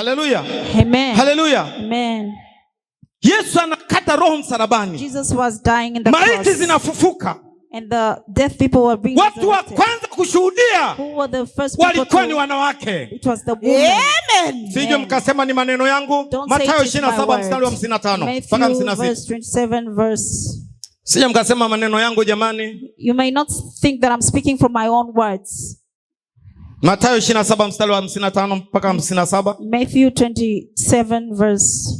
Haleluya. Amen. Haleluya. Amen. Yesu anakata roho msalabani. Jesus was dying in the cross. Maiti zinafufuka. And the deaf people were being resurrected. Watu wa kwanza kushuhudia walikuwa ni wanawake. It was the women. Amen. Sije mkasema ni maneno yangu. Mathayo 27 mstari wa 55 mpaka 56. Sije mkasema maneno yangu jamani. You may not think that I'm speaking from my own words. Mathayo 27 mstari wa 55 mpaka 57. Matthew 27 verse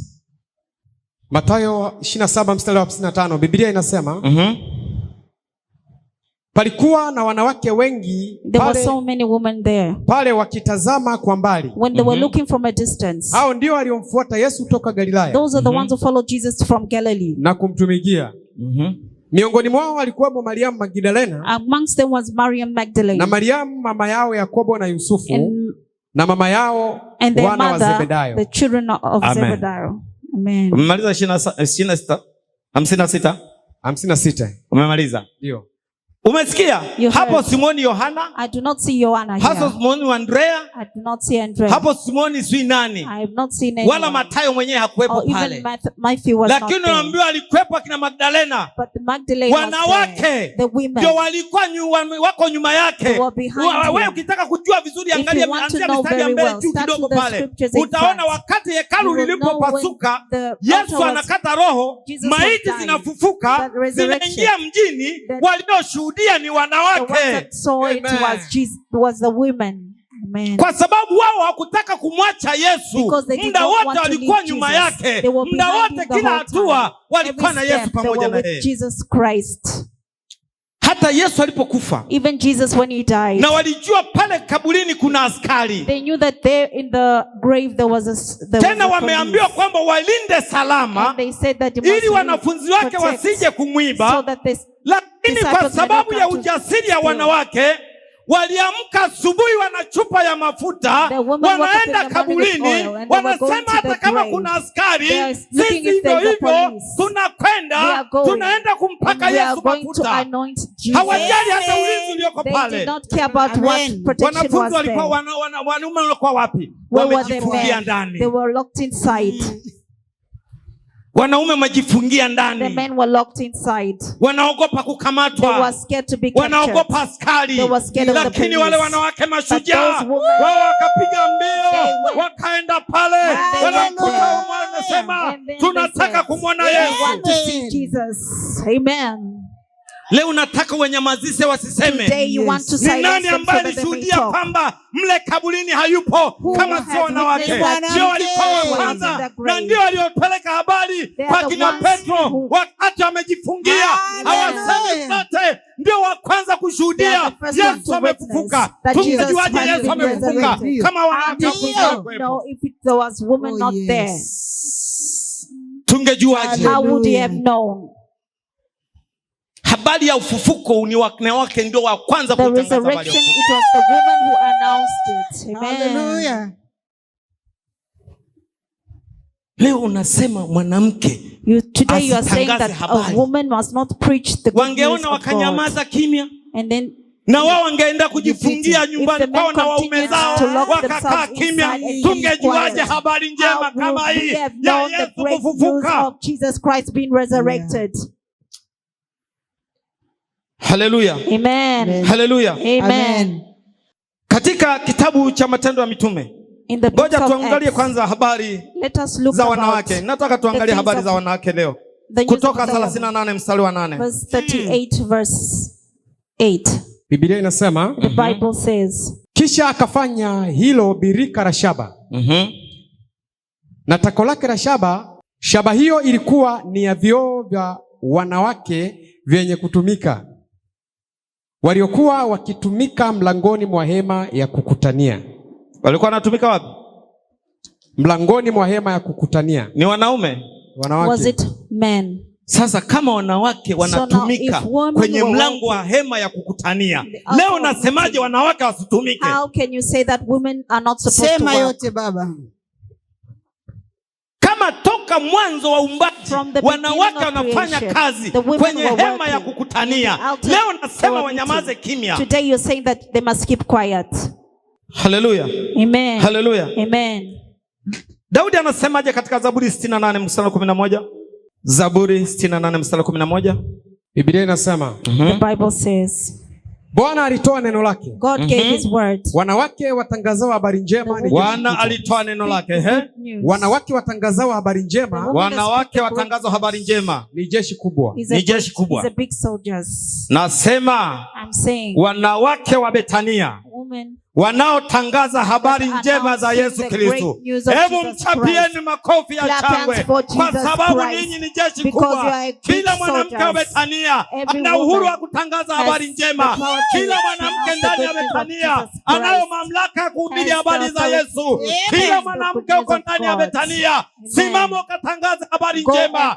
Mathayo 27 mstari wa 55. Biblia inasema, Mhm. mm Palikuwa na wanawake wengi there pale, so many women there. Pale wakitazama kwa mbali. When they were mm -hmm. looking from a distance. Hao ndio waliomfuata Yesu toka Galilaya. Those are the mm -hmm. ones who followed Jesus from Galilee. Na kumtumikia. Mhm. Mm Miongoni mwao walikuwemo Mariamu uh, Magdalena na Mariamu mama yao Yakobo na Yusufu and, na mama yao wana wa Zebedayo. Umemaliza hamsini na sita? Hamsini na sita. Umemaliza? Ndio. Umesikia? Hapo Simoni Yohana, I do not see Yohana here. hapo Simoni Andrea, I do not see Andrea. hapo Simoni si nani, I have not seen wala Mathayo mwenyewe hakuwepo pale, Even was lakini unaambiwa alikuwepo akina Magdalena. But the Wanawake The women. ndio walikuwa wako nyuma yake. Wewe ukitaka kujua vizuri, angalia mstari mbele juu kidogo pale, utaona wakati hekalu lilipopasuka, Yesu anakata roho, maiti zinafufuka, zinaingia mjini walioshuhudia walioshuhudia ni wanawake kwa sababu wao hawakutaka kumwacha Yesu. Muda wote walikuwa nyuma yake, muda wote, kila hatua walikuwa na Yesu pamoja na Hata Yesu alipokufa na walijua pale kaburini kuna askari tena, wameambiwa kwamba walinde salama, ili wanafunzi wake wasije kumwiba, so lakini kwa sababu ya ujasiri ya wanawake waliamka asubuhi, wana chupa ya mafuta, wanaenda kaburini, wanasema hata kama kuna askari, sisi hivyo hivyo tunakwenda, tunaenda kumpaka Yesu mafuta. Hawajali hata ulinzi ulioko pale. Wanafunzi walikuwa wanaume walikuwa wapi? Wamejifungia ndani. Wanaume wamejifungia ndani. The men were locked inside. Wanaogopa kukamatwa. They were scared to be captured. Wanaogopa askari. They were scared of the Lakini wale wanawake mashujaa wao wakapiga mbio, wakaenda pale, wanamkuta wanasema tunataka kumwona Yesu. Amen. Leo unataka wenyamazise wasiseme. Ni nani ambaye alishuhudia kwamba mle kaburini hayupo kama sio wanawake? Ndio walikuwa wa kwanza na ndio waliopeleka habari kwa kina Petro wakati amejifungia, hawasemi sote, ndio wa kwanza kushuhudia Yesu amefufuka. Tungejuaje Yesu amefufuka kama wanawake? Oh, Tungejuaje? habari ya ufufuko ni wake ndio wa kwanza kutangaza habari ya ufufuko. Leo unasema mwanamke asitangaze habari. Wangeona wakanyamaza kimya na wao wangeenda kujifungia nyumbani kwao na waume zao wakakaa kimya, tungejuaje habari njema kama hii ya Yesu kufufuka? Haleluya. Amen. Haleluya. Amen. Katika kitabu cha Matendo ya Mitume, ngoja tuangalie kwanza habari za wanawake. Nataka tuangalie habari za wanawake leo kutoka 38 mstari wa 8. Verse 38 hmm. verse 8. Biblia inasema, The mhm. Bible says, kisha akafanya hilo birika la shaba mhm. na tako lake la shaba. Shaba hiyo ilikuwa ni ya vyoo vya wanawake vyenye kutumika waliokuwa wakitumika mlangoni mwa hema ya kukutania. Walikuwa wanatumika wapi? Mlangoni mwa hema ya kukutania. Ni wanaume, wanawake? Was it men? Sasa kama wanawake wanatumika so kwenye mlango wa hema ya kukutania, leo nasemaje wanawake wasitumike? Sema yote baba. Kutoka mwanzo wa umbaji wanawake wanafanya kazi kwenye hema ya kukutania. Leo nasema wanyamaze kimya. Today you're saying that they must keep quiet. Haleluya. Amen. Haleluya. Amen. Daudi anasemaje katika Zaburi 68 mstari 11? Zaburi 68 mstari 11. Biblia inasema, The Bible says Bwana alitoa neno lake. God gave mm-hmm. his word. Wanawake watangazao habari njema Bwana alitoa neno lake, eh? Wanawake watangazao habari njema, wanawake watangazao habari njema ni jeshi kubwa. Ni jeshi kubwa. Nasema wanawake wa Betania wanaotangaza habari njema za Yesu Kristo. Hebu mchapieni makofi ya shangwe, kwa sababu ninyi ni jeshi kubwa. Kila mwanamke wa Betania ana uhuru wa kutangaza habari njema. Kila mwanamke ndani ya Betania anayo mamlaka ya kuhubiri habari za Yesu. Kila mwanamke uko ndani ya Betania, simama ukatangaza habari njema,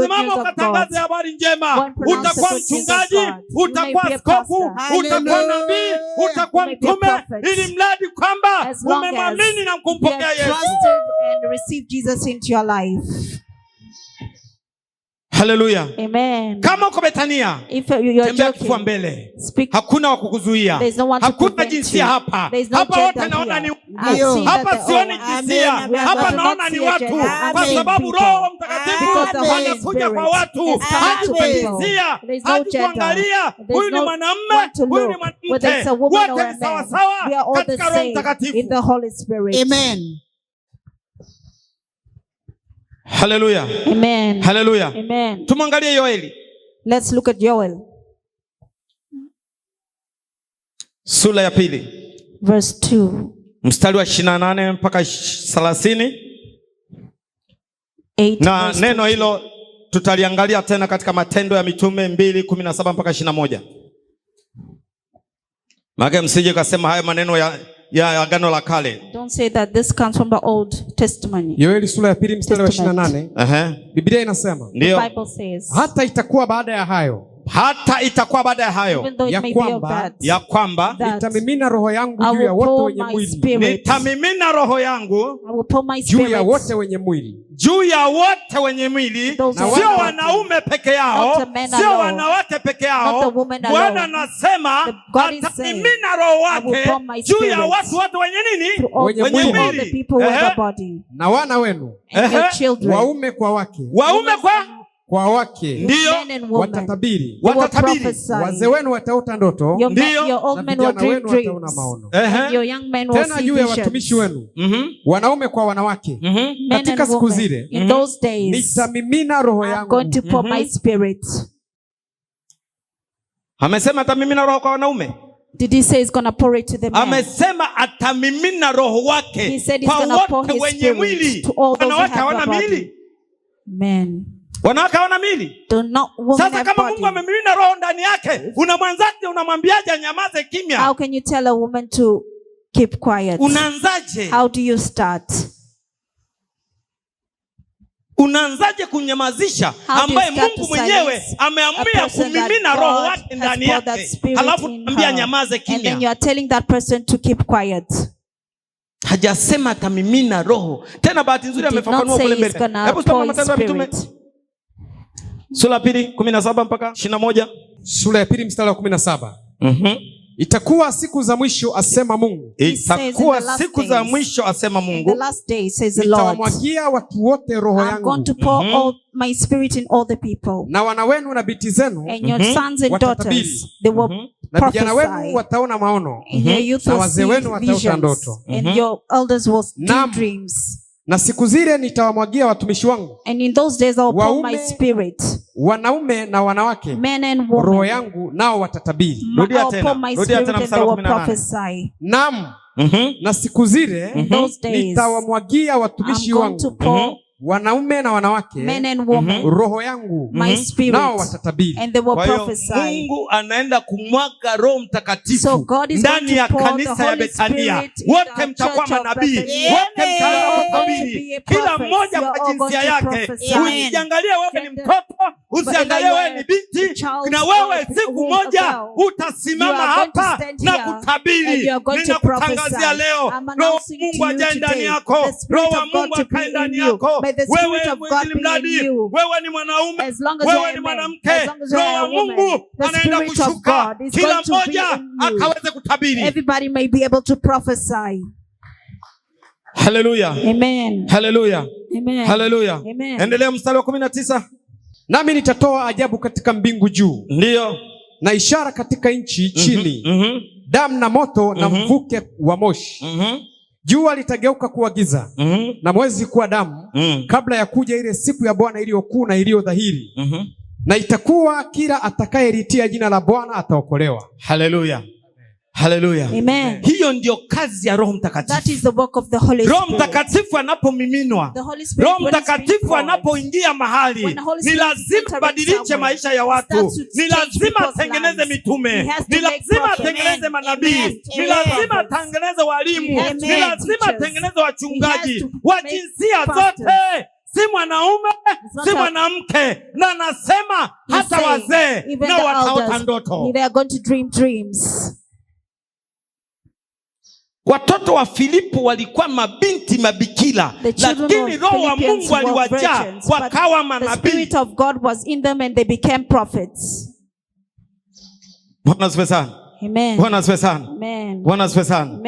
simama ukatangaza habari njema. Utakuwa mchungaji, utakuwa askofu, utakuwa nabii, utakuwa mtume ili mradi kwamba umemwamini na kumpokea Yesu. Haleluya. Amen. Kama uko Betania, tembea kifua mbele. Hakuna wa kukuzuia. No hakuna jinsia hapa. Hapa wote naona ni hapa, sioni jinsia hapa, naona ni watu, kwa sababu Roho Mtakatifu anakuja kwa watu, haji kwa jinsia, haji kuangalia huyu ni mwanamume, huyu ni mwanamke, wote ni sawa katika Roho Mtakatifu. Amen. Haleluya. Amen. Haleluya. Amen. Tumwangalie Yoeli. Let's look at Yoel. Sura ya pili. Verse 2. Mstari wa 28 mpaka 30. Na neno hilo tutaliangalia tena katika Matendo ya Mitume 2:17 mpaka 21. Maana msije kasema haya maneno ya ya Agano la Kale. Don't say that this comes from the Old Yoeli sura ya pili mstari wa 28. Biblia inasema. Ndio. Hata itakuwa baada ya hayo hata itakuwa baada ya hayo ya kwamba, ya kwamba nitamimina roho yangu juu ya wote wenye mwili, nitamimina roho yangu juu ya wote wenye mwili, juu ya wote wenye mwili, sio wanaume peke yao, sio wanawake peke yao. Bwana anasema atamimina roho wake juu ya watu wote wenye nini? Wenye mwili, na wana wenu waume kwa wake, waume kwa kwa wake ndio watatabiri, watatabiri. Wazee wenu wataota ndoto, ndio, vijana wenu wataona maono. Tena juu ya watumishi wenu mm -hmm. wanaume kwa wanawake mm -hmm. katika siku zile mm -hmm. nitamimina roho yangu mm -hmm. amesema atamimina roho kwa wanaume Did he say he's gonna pour it to the men? Amesema atamimina roho wake kwa wote wenye mwili. Wanawake hawana miili. Amen wanawake hawana mili. Sasa kama Mungu amemimina roho ndani yake, unamwanzaje? Unamwambiaje anyamaze kimya? How can you tell a woman to keep quiet? Unaanzaje? How do you start? Unaanzaje kunyamazisha ambaye Mungu mwenyewe ameamua kumimina roho wake ndani yake, alafu unamwambia nyamaze kimya. And then you are telling that person to keep quiet. Hajasema atamimina roho tena. Bahati nzuri amefafanua kule mbele. Hebu soma Matendo ya Mitume sura ya pili kumi na saba mpaka ishirini na moja sura ya pili mstari wa kumi na saba mhm. Itakuwa siku za mwisho asema Mungu, itakuwa siku za mwisho asema Mungu, nitawamwagia watu wote roho yangu, mhm. My spirit in all the people. na wana wenu na binti zenu mhm. watatabiri, na vijana wenu wataona maono, na wazee wenu wataota ndoto. And your elders will dreams na siku zile nitawamwagia watumishi wangu waume, wanaume na wanawake, roho yangu nao watatabiri. Naam, mhm. na siku zile nitawamwagia watumishi wangu wanaume na wanawake Men and women, mhm. roho yangu my mhm. spirit, nao watatabiri. Mungu anaenda kumwaga Roho Mtakatifu ndani ya kanisa ya Betania, wote mtakuwa manabii, wote mtaanza kila mmoja kwa jinsia yake. Usijiangalie wewe ni mtoto, usiangalie wewe ni binti na wewe siku moja utasimama hapa na kutabiri. Ninakutangazia leo, Roho wa Mungu ajae ndani yako, Roho wa Mungu akae ndani yako. Wewe ili mradi wewe ni mwanaume, wewe ni mwanamke, Roho wa Mungu anaenda kushuka, kila mmoja akaweze kutabiri. Everybody may be able to prophesy. Haleluya. Amen. Haleluya. Amen. Haleluya. Amen. Endelea mstari wa kumi na tisa nami nitatoa ajabu katika mbingu juu, ndiyo, na ishara katika nchi mhm, chini, mm -hmm. damu na moto na mm -hmm. mvuke wa moshi mm -hmm. Jua litageuka kuwa giza mm -hmm. na mwezi kuwa damu mm -hmm. kabla ya kuja ile siku ya Bwana iliyokuu na iliyo dhahiri mm -hmm. na itakuwa kila atakayelitia jina la Bwana ataokolewa. Haleluya! Haleluya. Hiyo ndio kazi ya Roho mtakatifuroho Mtakatifu anapomiminwa, Roho Mtakatifu anapoingia mahali, ni lazima badiliche maisha ya watu, ni lazima atengeneze mitume, ni lazima atengeneze manabii, ni lazima atengeneze walimu, ni lazima atengeneze wachungaji wa jinsia zote si mwanaume si mwanamke, na anasema hata wazee na wataota ndoto. Watoto wa Filipo walikuwa mabinti mabikira, lakini roho wa Mungu aliwajaa wakawa manabii. Bwana asifiwe sana. Bwana asifiwe sana. Bwana asifiwe sana.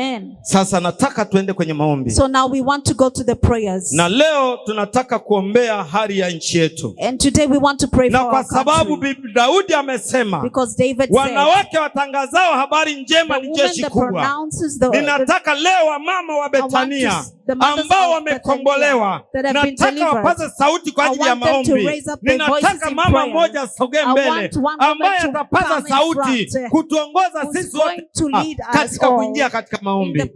Sasa nataka tuende kwenye maombi. So now we want to go to the prayers. Na leo tunataka kuombea hali ya nchi yetu. And today we want to pray for our country. na kwa sababu Daudi amesema wanawake watangazao habari njema ni jeshi kubwa. Ninataka leo wamama wa Betania ambao wamekombolewa, nataka wapaze sauti kwa ajili ya maombi. Ninataka mama mmoja asogee mbele, ambaye atapaza sauti eh, kutuongoza sisi wote ah, katika kuingia katika maombi.